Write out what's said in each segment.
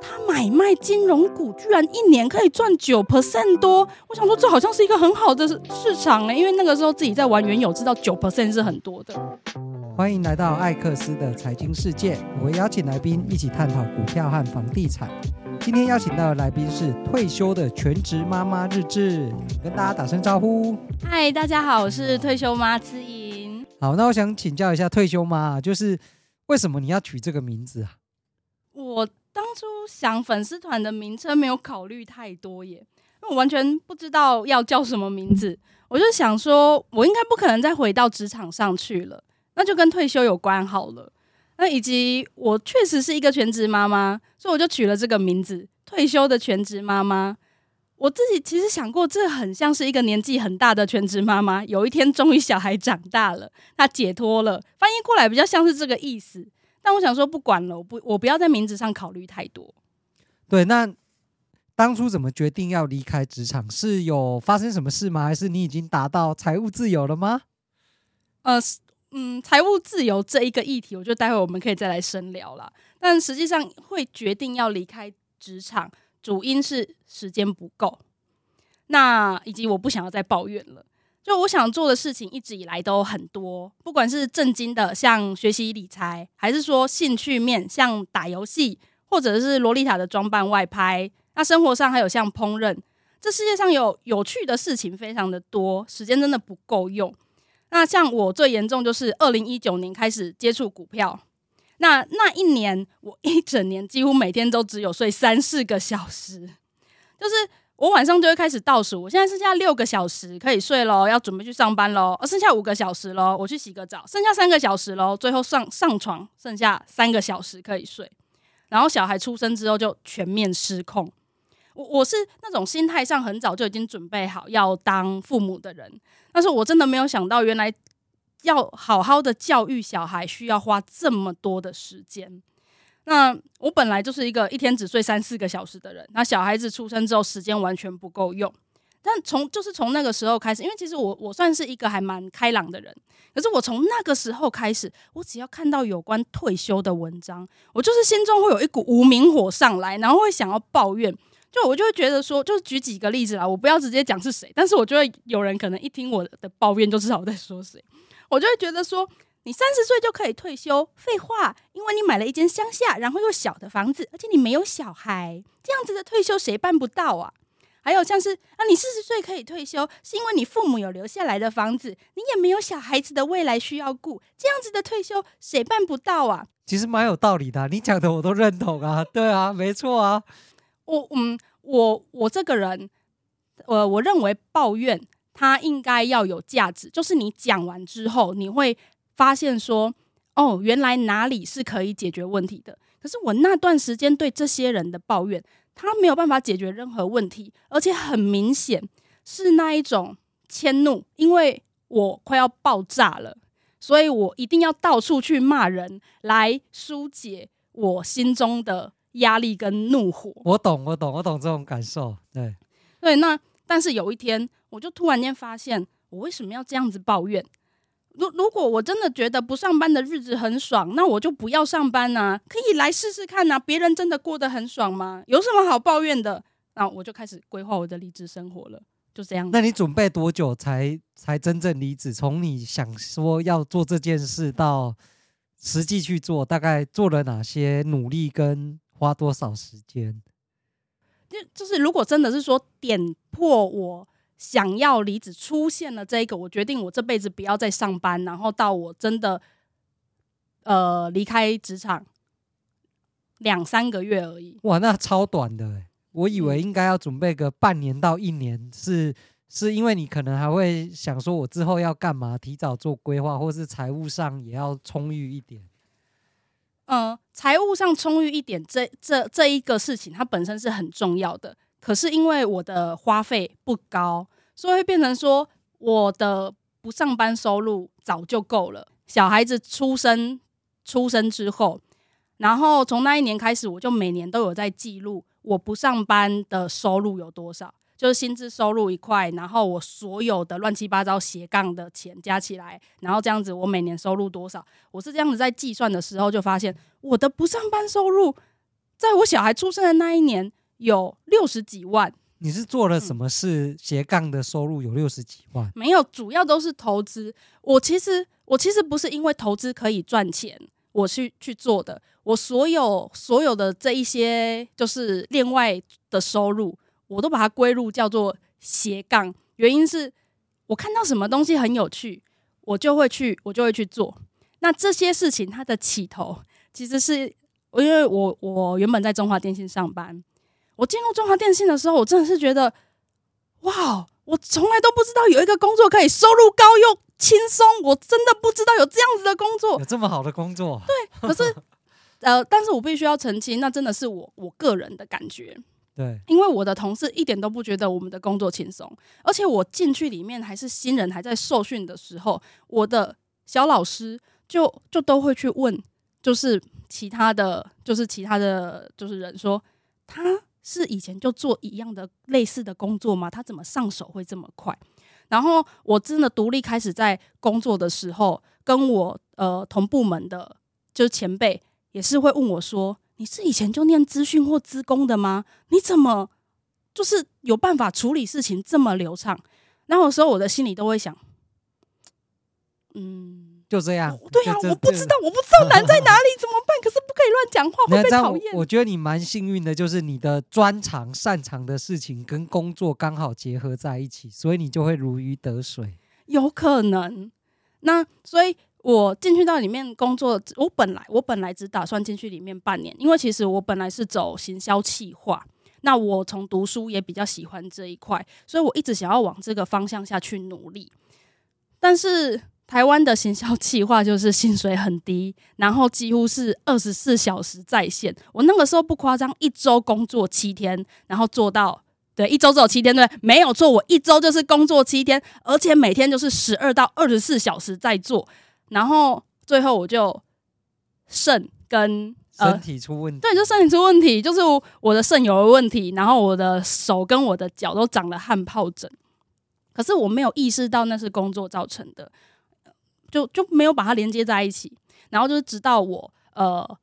他買賣金融股，居然一年可以賺九 percent 多。我想說，這好像是一個很好的市場呢，欸。因為那個時候自己在玩原油，知道九 percent 是很多的。歡迎來到艾克斯的財經世界，我會邀請來賓一起探討股票和房地產。今天邀請到的來賓是退休的全職媽媽日誌，跟大家打聲招呼。嗨，大家好，我是退休媽之瑩。好，那我想請教一下退休媽，就是為什麼你要取這個名字啊？我。當初想粉絲團的名稱沒有考慮太多耶，因為我完全不知道要叫什麼名字。我就想說，我應該不可能再回到職場上去了，那就跟退休有關好了。那以及我確實是一個全職媽媽，所以我就取了這個名字“退休的全職媽媽”。我自己其實想過，這很像是一個年紀很大的全職媽媽，有一天終於小孩長大了，她解脫了，翻譯過來比較像是這個意思。但我想說，不管了，我不，我不要在名字上考慮太多。對，那當初怎麼決定要離開職場，是有發生什麼事嗎？還是你已經達到財務自由了嗎？呃，嗯，財務自由這一個議題，我覺得待會我們可以再來深聊了。但實際上，會決定要離開職場，主因是時間不夠，那以及我不想要再抱怨了。就我想做的事情一直以來都很多，不管是正經的像學習理財，還是說興趣面像打遊戲，或者是洛麗塔的裝扮外拍。那生活上還有像烹飪，這世界上有有趣的事情非常的多，時間真的不夠用。那像我最嚴重就是二零一九年開始接觸股票，那那一年我一整年幾乎每天都只有睡三四個小時，就是。我晚上就會開始倒數，我現在剩下六個小時可以睡咯，要準備去上班咯。呃、哦，剩下五個小時咯，我去洗個澡，剩下三個小時咯，最後上上床，剩下三個小時可以睡。然後小孩出生之後就全面失控。我我是那種心態上很早就已經準備好要當父母的人，但是我真的沒有想到，原來要好好的教育小孩需要花這麼多的時間。那我本來就是一個一天只睡三四個小時的人，那小孩子出生之後時間完全不夠用。但從就是從那個時候開始，因為其實我我算是一個還蠻開朗的人，可是我從那個時候開始，我只要看到有關退休的文章，我就是心中會有一股無名火上來，然後會想要抱怨。就我就會覺得說，就舉幾個例子啦，我不要直接講是誰，但是我就會有人可能一聽我的抱怨就知道我在說誰。我就會覺得說。你三十歲就可以退休？廢話，因為你買了一間鄉下，然後又小的房子，而且你沒有小孩，這樣子的退休誰辦不到啊？還有像是啊，你四十歲可以退休，是因為你父母有留下來的房子，你也沒有小孩子的未來需要顧，這樣子的退休誰辦不到啊？其實蠻有道理的，你講的我都認同啊。 對啊，沒錯啊。我嗯，我我這個人，我、呃、我認為抱怨他應該要有價值，就是你講完之後你會。發現說，哦，原來哪裡是可以解決問題的。可是我那段時間對這些人的抱怨，他沒有辦法解決任何問題，而且很明顯是那一種遷怒，因為我快要爆炸了，所以我一定要到處去罵人，來疏解我心中的壓力跟怒火。我懂，我懂，我懂這種感受。對，對，那但是有一天，我就突然間發現，我為什麼要這樣子抱怨？如如果我真的覺得不上班的日子很爽，那我就不要上班啊，可以來試試看啊，別人真的過得很爽嗎？有什麼好抱怨的？那我就開始規劃我的離職生活了。就這樣。那你準備多久才才真正離職？從你想說要做這件事到實際去做，大概做了哪些努力，跟花多少時間？就就是如果真的是說點破我。想要離職出現了這一個，我決定我這輩子不要再上班，然後到我真的呃離開職場兩三個月而已。哇，那超短的耶，我以為應該要準備個半年到一年，嗯、是是因為你可能還會想說，我之後要幹嘛，提早做規劃，或是財務上也要充裕一點。嗯、呃，財務上充裕一點，這這這一個事情，它本身是很重要的。可是因為我的花費不高，所以變成說我的不上班收入早就夠了。小孩子出生，出生之後，然後從那一年開始，我就每年都有在記錄我不上班的收入有多少，就是薪資收入一塊，然後我所有的亂七八糟斜槓的錢加起來，然後這樣子我每年收入多少，我是這樣子在計算的時候就發現，我的不上班收入，在我小孩出生的那一年。有六十幾萬，你是做了什麼事？斜槓的收入有六十幾萬？沒有，主要都是投資。我其實我其實不是因為投資可以賺錢，我去去做的。我所有所有的這一些就是另外的收入，我都把它歸入叫做斜槓。原因是我看到什麼東西很有趣，我就會去我就會去做。那這些事情它的起頭，其實是因為我我原本在中華電信上班。我進入中華電信的時候，我真的是覺得，哇！我從來都不知道有一個工作可以收入高又輕鬆，我真的不知道有這樣子的工作，有這麼好的工作。對，可是， 呃，但是我必須要澄清，那真的是我我個人的感覺。對，因為我的同事一點都不覺得我們的工作輕鬆，而且我進去裡面還是新人，還在受訓的時候，我的小老師就就都會去問，就是其他的就是其他的就是人說他。是以前就做一樣的類似的工作嗎？他怎麼上手會這麼快？然後我真的獨立開始在工作的時候，跟我呃同部門的，就是前輩，也是會問我說：“你是以前就念資訊或資工的嗎？你怎麼就是有辦法處理事情這麼流暢？”那有時候我的心裡都會想，嗯。就這樣。對啊，我不知道，我不知道難在哪裡， 怎麼辦？可是不可以亂講話， 會被討厭。我覺得你蠻幸運的，就是你的專長、擅長的事情跟工作剛好結合在一起，所以你就會如魚得水。有可能。那所以，我進去到裡面工作，我本來我本來只打算進去裡面半年，因為其實我本來是走行銷企劃，那我從讀書也比較喜歡這一塊，所以我一直想要往這個方向下去努力，但是台灣的行銷企劃就是薪水很低，然後幾乎是二十四小時在線。我那個時候不誇張，一週工作七天，然後做到對，一週只有七天對，沒有錯，我一週就是工作七天，而且每天就是十二到二十四小時在做。然後最後我就腎跟、呃、身體出問題，對，就身體出問題，就是我的腎有問題，然後我的手跟我的腳都長了汗疱疹，可是我沒有意識到那是工作造成的。就就沒有把它連接在一起，然後就是直到我呃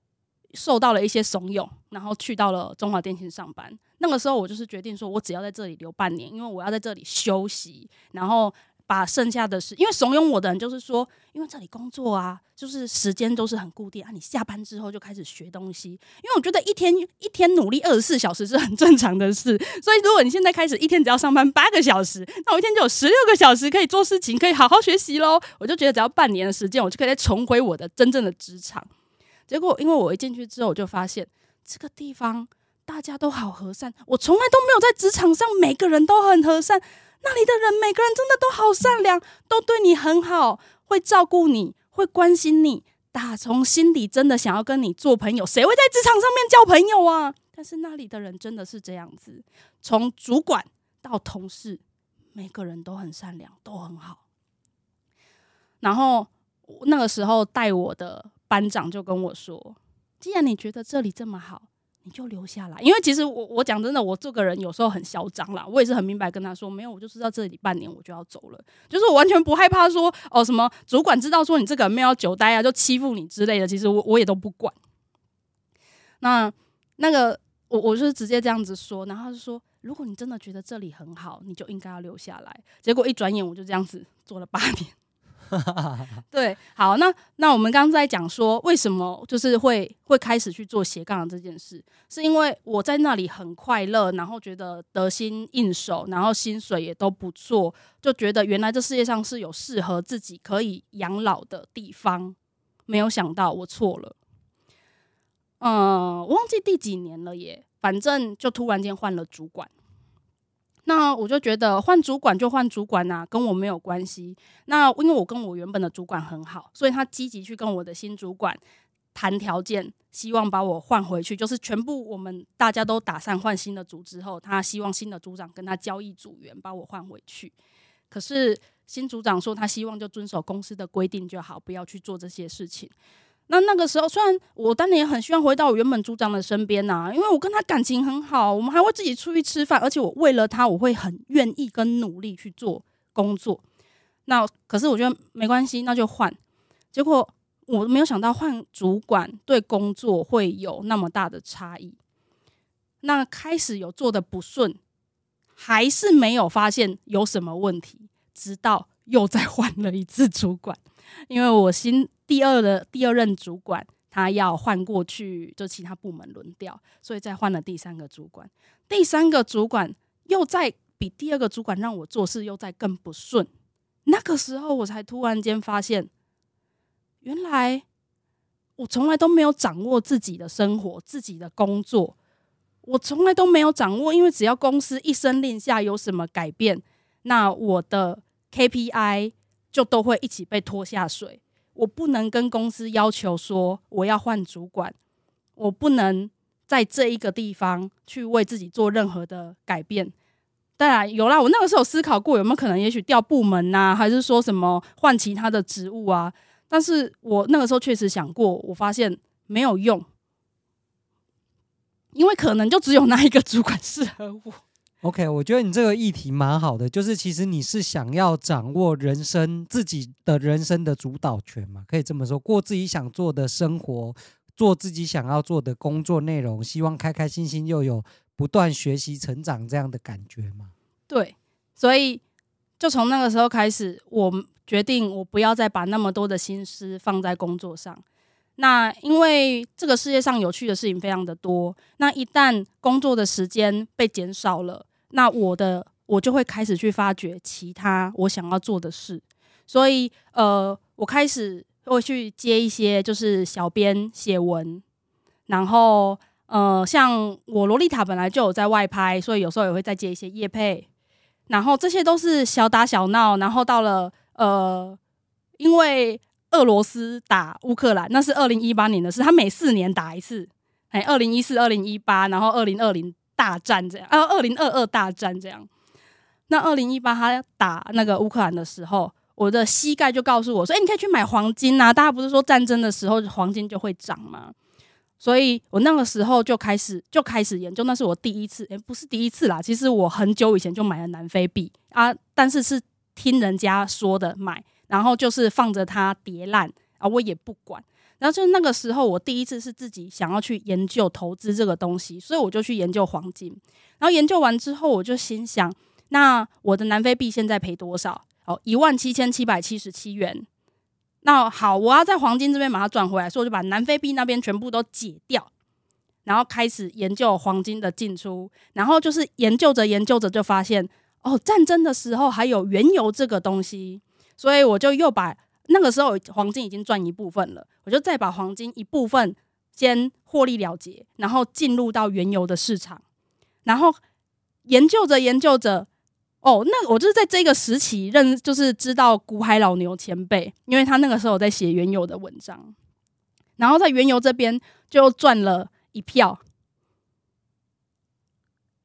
受到了一些慫恿，然後去到了中華電信上班。那個時候我就是決定說，我只要在這裡留半年，因為我要在這裡休息，然後。把剩下的事，因為慫恿我的人就是說，因為這裡工作啊，就是時間都是很固定啊，你下班之後就開始學東西。因為我覺得一天一天努力二十四小時是很正常的事，所以如果你現在開始一天只要上班八個小時，那我一天就有十六個小時可以做事情，可以好好學習嘍。我就覺得只要半年的時間，我就可以再重回我的真正的職場。結果因為我一進去之後，我就發現這個地方大家都好和善，我從來都沒有在職場上，每個人都很和善。那裡的人每個人真的都好善良，都對你很好，會照顧你，會關心你，打從心底真的想要跟你做朋友。誰會在職場上面交朋友啊？但是那裡的人真的是這樣子，從主管到同事，每個人都很善良，都很好。然後那個時候帶我的班長就跟我說：“既然你覺得這裡這麼好，”你就留下來，因為其實我我講真的，我這個人有時候很囂張啦，我也是很明白跟他說，沒有，我就是到這裡半年我就要走了，就是我完全不害怕說哦什麼主管知道說你這個沒有久待啊，就欺負你之類的，其實我我也都不管。那那個我我就是直接這樣子說，然後他就說，如果你真的覺得這裡很好，你就應該要留下來。結果一轉眼我就這樣子做了八年。 對，好，那那我們剛剛在講說，為什麼就是會會開始去做斜槓這件事，是因為我在那裡很快樂，然後覺得得心應手，然後薪水也都不錯，就覺得原來這世界上是有適合自己可以養老的地方，沒有想到我錯了，嗯，我忘記第幾年了耶，反正就突然間換了主管。那我就覺得換主管就換主管吶、啊，跟我沒有關係。那因為我跟我原本的主管很好，所以他積極去跟我的新主管談條件，希望把我換回去。就是全部我們大家都打散換新的組之後，他希望新的組長跟他交易組員，把我換回去。可是新組長說他希望就遵守公司的規定就好，不要去做這些事情。那那個時候，雖然我當年也很希望回到我原本組長的身邊呐，因為我跟他感情很好，我們還會自己出去吃飯，而且我為了他，我會很願意跟努力去做工作。那可是我覺得沒關係，那就換。結果我沒有想到換主管對工作會有那麼大的差異。那開始有做得不順，還是沒有發現有什麼問題，直到又再換了一次主管，因為我心。第二的第二任主管，他要換過去，就其他部門輪調，所以再換了第三個主管。第三個主管又再比第二個主管讓我做事又再更不順。那個時候，我才突然間發現，原來我從來都沒有掌握自己的生活、自己的工作。我從來都沒有掌握，因為只要公司一聲令下有什麼改變，那我的 KPI 就都會一起被拖下水。我不能跟公司要求說我要換主管，我不能在這一個地方去為自己做任何的改變。當然有啦，我那個時候思考過有沒有可能，也許調部門吶啊，還是說什麼換其他的職務啊？但是我那個時候確實想過，我發現沒有用，因為可能就只有那一個主管適合我。OK，我覺得你這個議題蠻好的，就是其實你是想要掌握人生，自己的人生的主導權嘛，可以這麼說，過自己想做的生活，做自己想要做的工作內容，希望開開心心又有不斷學習成長這樣的感覺嘛。對，所以就從那個時候開始，我決定我不要再把那麼多的心思放在工作上。那因為這個世界上有趣的事情非常的多，那一旦工作的時間被減少了。那我的，我就會開始去發掘其他我想要做的事，所以呃，我開始會去接一些就是小編寫文，然後呃，像我蘿莉塔本來就有在外拍，所以有時候也會再接一些業配，然後這些都是小打小鬧，然後到了呃，因為俄羅斯打烏克蘭，那是二零一八年的事，他每四年打一次，哎，二零一四、二零一八，然後二零二零。大戰這樣，二零二二大戰這樣。那二零一八他打那個烏克蘭的時候，我的膝蓋就告訴我說：“哎、欸，你可以去買黃金啊！”大家不是說戰爭的時候黃金就會漲嗎？所以我那個時候就開始就開始研究，那是我第一次，也、欸、不是第一次啦。其實我很久以前就買了南非幣啊，但是是聽人家說的買，然後就是放着它跌爛啊，我也不管。然後就那個時候，我第一次是自己想要去研究投資這個東西，所以我就去研究黃金。然後研究完之後，我就心想：那我的南非幣現在賠多少？哦，一萬七千七百七十七元。那好，我要在黃金這邊把它賺回來，所以我就把南非幣那邊全部都解掉，然後開始研究黃金的進出。然後就是研究着研究着，就發現哦，戰爭的時候還有原油這個東西，所以我就又把。那個時候黃金已經賺一部分了，我就再把黃金一部分先獲利了結，然後進入到原油的市場，然後研究着研究着，哦，那我就是在這個時期認，就是知道股海老牛前輩，因為他那個時候在寫原油的文章，然後在原油這邊就賺了一票。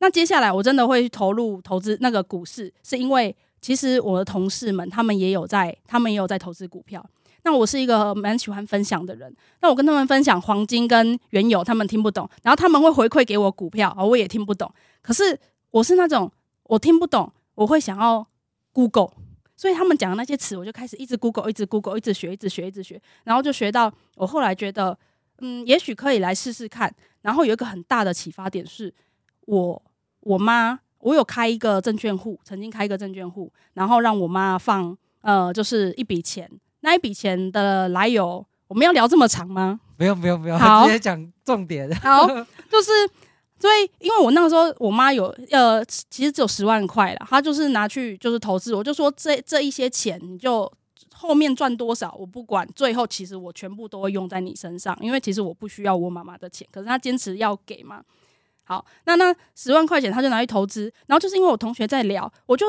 那接下來我真的會去投入投資那個股市，是因為。其實我的同事們，他們也有在，他們也有在投資股票。那我是一個蠻喜歡分享的人，那我跟他們分享黃金跟原油，他們聽不懂，然後他們會回饋給我股票，而我也聽不懂。可是我是那種我聽不懂，我會想要 Google，所以他們講的那些詞，我就開始一直 Google，一直 Google，一直學，一直學，一直學，一直學，然後就學到，我後來覺得，嗯，也許可以來試試看。然後有一個很大的啟發點是，我我媽。我有開一個證券戶，曾經開一個證券戶，然後讓我媽放，呃，就是一筆錢。那一筆錢的來由，我們要聊這麼長嗎？不用，不用，不用，好，直接講重點。好，就是，所以，因為我那個時候，我媽有，呃，其實只有十萬塊了，她就是拿去就是投資。我就說這，這這一些錢，你就後面賺多少，我不管。最後，其實我全部都會用在你身上，因為其實我不需要我媽媽的錢，可是她堅持要給嘛。好，那那十萬塊錢他就拿去投資，然後就是因為我同學在聊，我就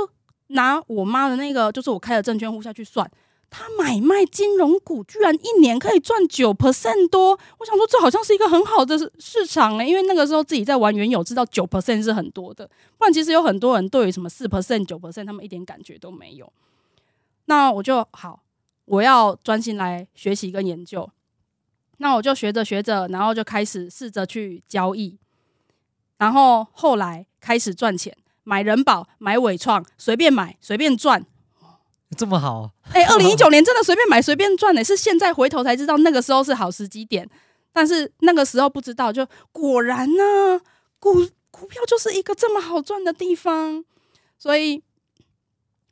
拿我媽的那個，就是我開的證券戶下去算，他買賣金融股居然一年可以賺九 percent 多，我想說這好像是一個很好的市場哎、欸，因為那個時候自己在玩原油，知道九 percent 是很多的，不然其實有很多人對於什麼四 percent 九 percent 他們一點感覺都沒有。那我就好，我要專心來學習跟研究，那我就學着學着，然後就開始試着去交易。然後後來開始賺錢，買人保，買偉創，隨便買，隨便買，隨便賺，這麼好？哎，二零一九年真的隨便買隨便賺的，是現在回頭才知道那個時候是好時機點，但是那個時候不知道，就果然呢，啊，股股票就是一個這麼好賺的地方，所以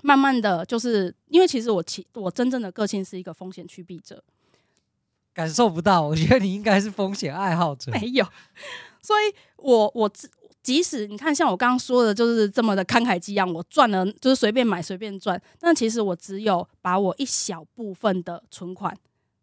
慢慢的就是因為其實我其我真正的個性是一個風險規避者，感受不到，我覺得你應該是風險愛好者，沒有。所以我，我我即使你看像我剛剛說的，就是這麼的慷慨激昂，我賺了就是隨便買隨便賺，但其實我只有把我一小部分的存款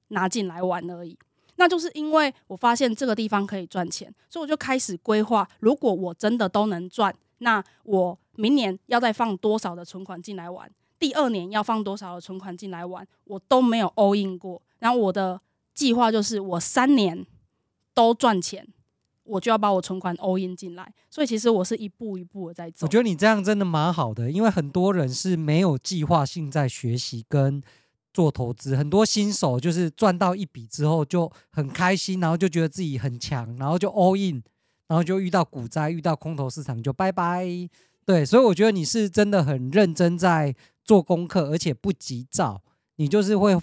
拿進來玩而已。那就是因為我發現這個地方可以賺錢，所以我就開始規劃，如果我真的都能賺，那我明年要再放多少的存款進來玩，第二年要放多少的存款進來玩，我都沒有 all in 過。然後我的計劃就是，我三年都賺錢。我就要把我存款 all in 進來，所以其實我是一步一步的在走。我覺得你這樣真的蠻好的，因為很多人是沒有計劃性在學習跟做投資，很多新手就是賺到一筆之後就很開心，然後就覺得自己很強，然後就 all in，然後就遇到股災，遇到空頭市場就拜拜。對，所以我覺得你是真的很認真在做功課，而且不急躁，你就是會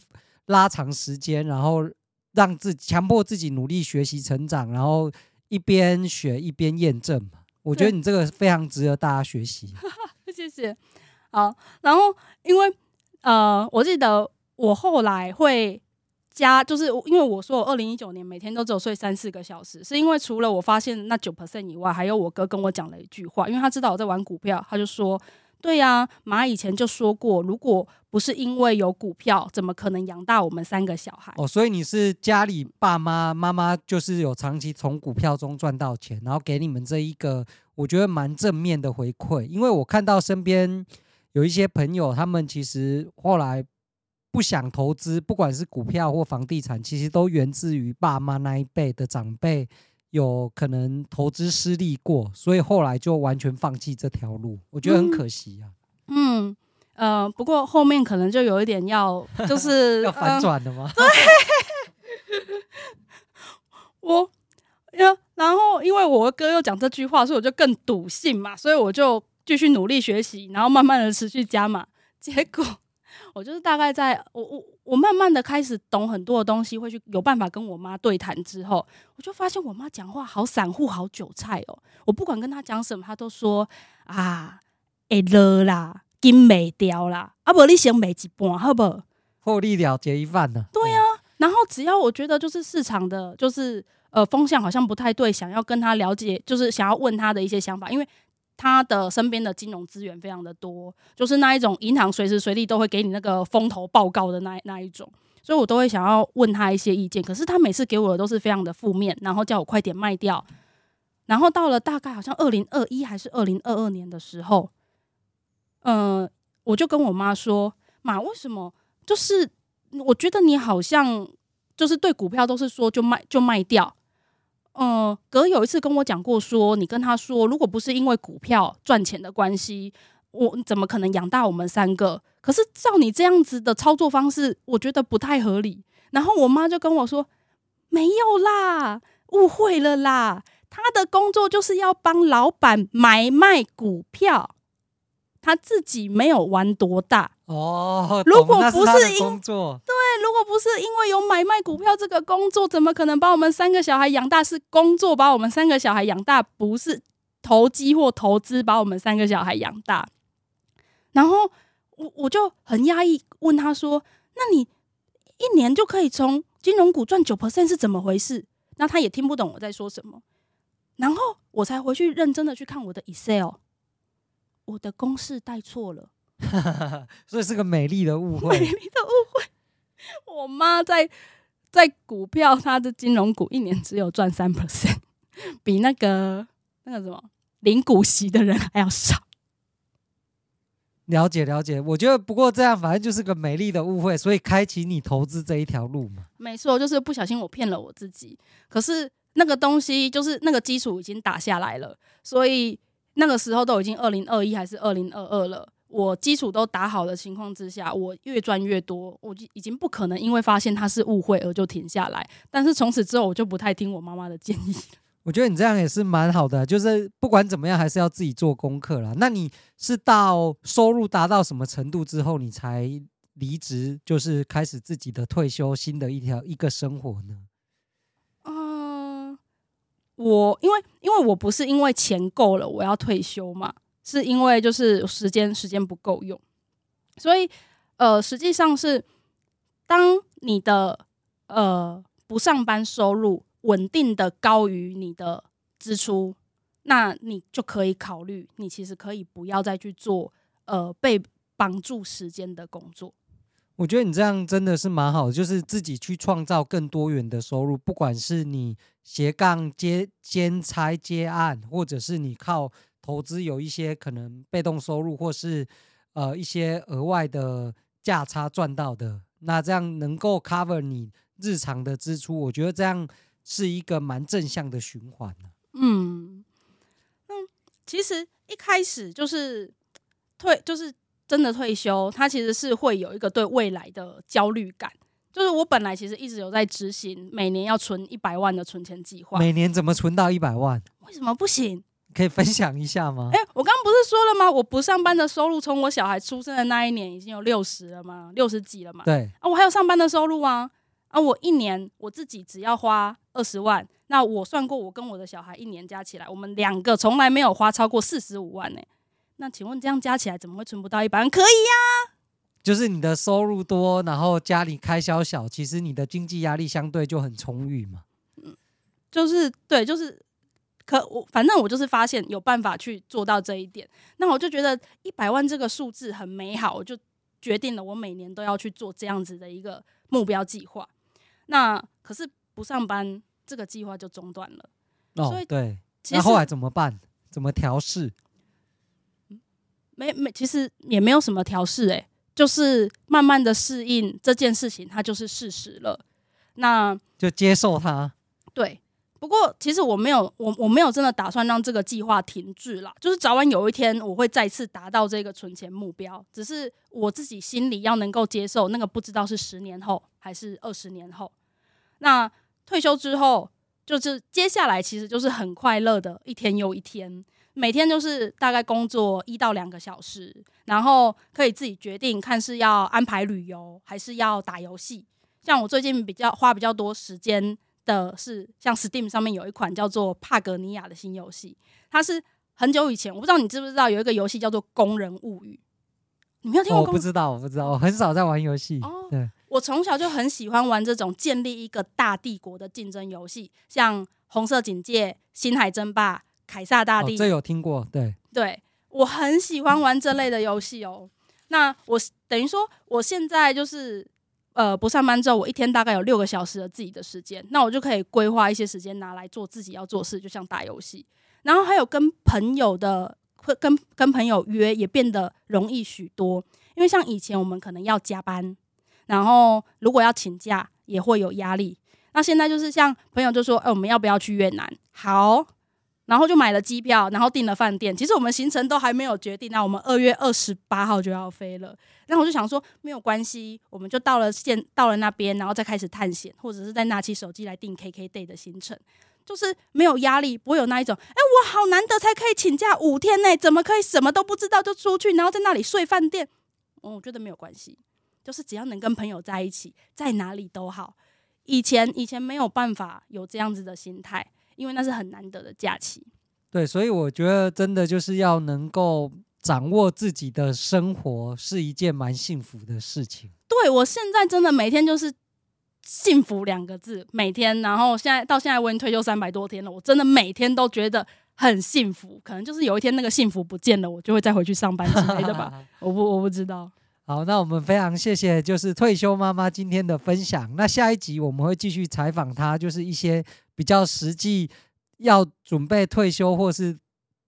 拉長時間，然後讓自己強迫自己努力學習成長，然後。一邊學一邊驗證嘛，我覺得你這個非常值得大家學習。 謝謝。好，然後因為呃，我記得我後來會加，就是因為我說我二零一九年每天都只有睡三四個小時，是因為除了我發現那九%以外，還有我哥跟我講了一句話，因為他知道我在玩股票，他就說。對呀，媽以前就說過，如果不是因為有股票，怎麼可能養大我們三個小孩？哦，所以你是家裡爸媽媽媽就是有長期從股票中賺到錢，然後給你們這一個我覺得蠻正面的回饋。因為我看到身邊有一些朋友，他們其實後來不想投資，不管是股票或房地產，其實都源自於爸媽那一輩的長輩，有可能投資失利過，所以後來就完全放棄這條路，我覺得很可惜啊。嗯，嗯，呃，不過後面可能就有一點要，就是 要反轉了嘛。對， 我，然後因為我哥又講這句話，所以我就更篤信嘛，所以我就繼續努力學習，然後慢慢的持續加碼，結果。我就是大概在我我我慢慢的開始懂很多的東西，會去有辦法跟我媽對談之後，我就發現我媽講話好散戶好韭菜哦、喔，我不管跟她講什麼，她都說啊，誒，了啦，金美掉啦，啊不，你先賣一半，好不好？獲利了結一半呢、啊？對啊，然後只要我覺得就是市場的就是呃風向好像不太對，想要跟她了解，就是想要問她的一些想法，因為。他的身邊的金融資源非常的多，就是那一種銀行隨時隨地都會給你那個風投報告的那那一種，所以我都會想要問他一些意見，可是他每次給我的都是非常的負面，然後叫我快點賣掉。然後到了大概好像二零二一還是二零二二年的時候，嗯，呃，我就跟我媽說，媽，為什麼？就是我覺得你好像就是對股票都是說就賣就賣掉。嗯，哥有一次跟我講過說，說你跟他說，如果不是因為股票賺錢的關係，我怎麼可能養大我們三個？可是照你這樣子的操作方式，我覺得不太合理。然後我媽就跟我說，沒有啦，誤會了啦，他的工作就是要幫老闆買賣股票，他自己沒有玩多大哦。如果不是因、哦、是工作對。如果不是因為有買賣股票這個工作，怎麼可能把我們三個小孩養大？是工作把我們三個小孩養大，不是投機或投資把我們三個小孩養大。然後我我就很壓抑，問他說：“那你一年就可以從金融股賺九 percent 是怎麼回事？”那他也聽不懂我在說什麼。然後我才回去認真的去看我的 Excel，我的公式帶錯了， 所以是個美麗的誤會，美麗的誤會。我媽在在股票，她的金融股一年只有賺三%，比那個那個什麼領股息的人還要少。了解，了解，我覺得不過這樣，反正就是個美麗的誤會，所以開啟你投資這一條路嘛。沒錯，就是不小心我騙了我自己。可是那個東西就是那個基礎已經打下來了，所以那個時候都已經二零二一還是二零二二了。我基礎都打好的情況之下，我越賺越多，我就已經不可能因為發現它是誤會而就停下來。但是從此之後，我就不太聽我媽媽的建議。我覺得你這樣也是蠻好的，就是不管怎麼樣，還是要自己做功課啦。那你是到收入達到什麼程度之後，你才離職，就是開始自己的退休，新的一條一個生活呢？啊、呃，我因為因為我不是因為錢夠了，我要退休嘛。是因為就是時間時間不夠用，所以呃，實際上是當你的呃不上班收入穩定的高於你的支出，那你就可以考慮你其實可以不要再去做呃被綁住時間的工作。我覺得你這樣真的是蠻好的，就是自己去創造更多元的收入，不管是你斜槓接兼差接案，或者是你靠。投資有一些可能被動收入，或是呃一些額外的價差賺到的。那這樣能夠 cover 你日常的支出，我覺得這樣是一個蠻正向的循環啊。嗯，嗯，其實一開始就是退，就是真的退休，他其實是會有一個對未來的焦慮感。就是我本來其實一直有在執行每年要存一百萬的存錢計劃，每年怎麼存到一百萬？為什麼不行？可以分享一下嗎？誒，我剛剛不是說了嗎？我不上班的收入，從我小孩出生的那一年已經有六十了嘛，六十幾了嘛。對啊，我還有上班的收入啊。啊，我一年我自己只要花二十萬，那我算過，我跟我的小孩一年加起來，我們兩個從來沒有花超過四十五萬呢、欸。那請問這樣加起來怎麼會存不到一百萬？可以呀、啊，就是你的收入多，然後家裡開銷小，其實你的經濟壓力相對就很充裕嘛。嗯，就是對，就是。可我反正我就是發現有辦法去做到這一點，那我就覺得一百萬這個數字很美好，我就決定了我每年都要去做這樣子的一個目標計劃。那可是不上班，這個計劃就中斷了。哦、所以對，那後來怎麼辦？怎麼調試？沒沒，其實也沒有什麼調試、欸，哎，就是慢慢的適應這件事情，它就是事實了。那就接受它。對。不過，其實我沒有，我我沒有真的打算讓這個計劃停滯了。就是早晚有一天，我會再次達到這個存錢目標。只是我自己心裡要能夠接受那個，不知道是十年後還是二十年後。那退休之後，就是接下來其實就是很快樂的一天又一天，每天就是大概工作一到兩個小時，然後可以自己決定看是要安排旅遊還是要打遊戲。像我最近比較花比較多時間。的是像 Steam 上面有一款叫做《帕格尼亞》的新遊戲，它是很久以前，我不知道你知不知道有一個遊戲叫做《工人物語》，你沒有聽過？哦，我不知道，我不知道，我很少在玩遊戲。哦，對，我從小就很喜歡玩這種建立一個大帝國的競爭遊戲，像《紅色警戒》、《星海爭霸》、《凱撒大帝》，哦，這有聽過？對對，我很喜歡玩這類的遊戲哦。那我等於說我現在就是。呃，不上班之後，我一天大概有六個小時的自己的時間，那我就可以規劃一些時間拿來做自己要做事，就像打遊戲，然後還有跟朋友的，會跟跟朋友約也變得容易許多，因為像以前我們可能要加班，然後如果要請假也會有壓力，那現在就是像朋友就說，哎、呃，我們要不要去越南？好。然後就買了機票，然後訂了飯店。其實我們行程都還沒有決定。那我們二月二十八號就要飛了。那我就想說，沒有關係，我們就到了現到了那邊，然後再開始探險，或者是再拿起手機來訂 KK Day 的行程，就是沒有壓力，不會有那一種。哎，我好難得才可以請假五天呢，怎麼可以什麼都不知道就出去，然後在那裡睡飯店？哦，我覺得沒有關係，就是只要能跟朋友在一起，在哪裡都好。以前以前，沒有辦法有這樣子的心態。因為那是很難得的假期，對，所以我覺得真的就是要能夠掌握自己的生活是一件蠻幸福的事情。對，我現在真的每天就是幸福兩個字，每天，然後現在到現在我已經退休三百多天了，我真的每天都覺得很幸福。可能就是有一天那個幸福不見了，我就會再回去上班之類的吧。我不，我不知道。好，那我們非常謝謝，就是退休媽媽今天的分享。那下一集我們會繼續採訪她，就是一些比較實際要準備退休或是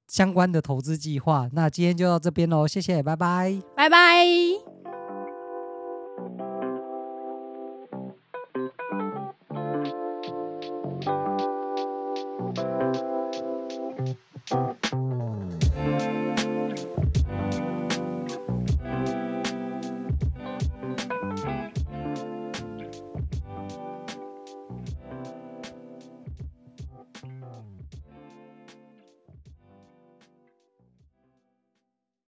相關的投資計劃。那今天就到這邊嘍，謝謝，拜拜，拜拜。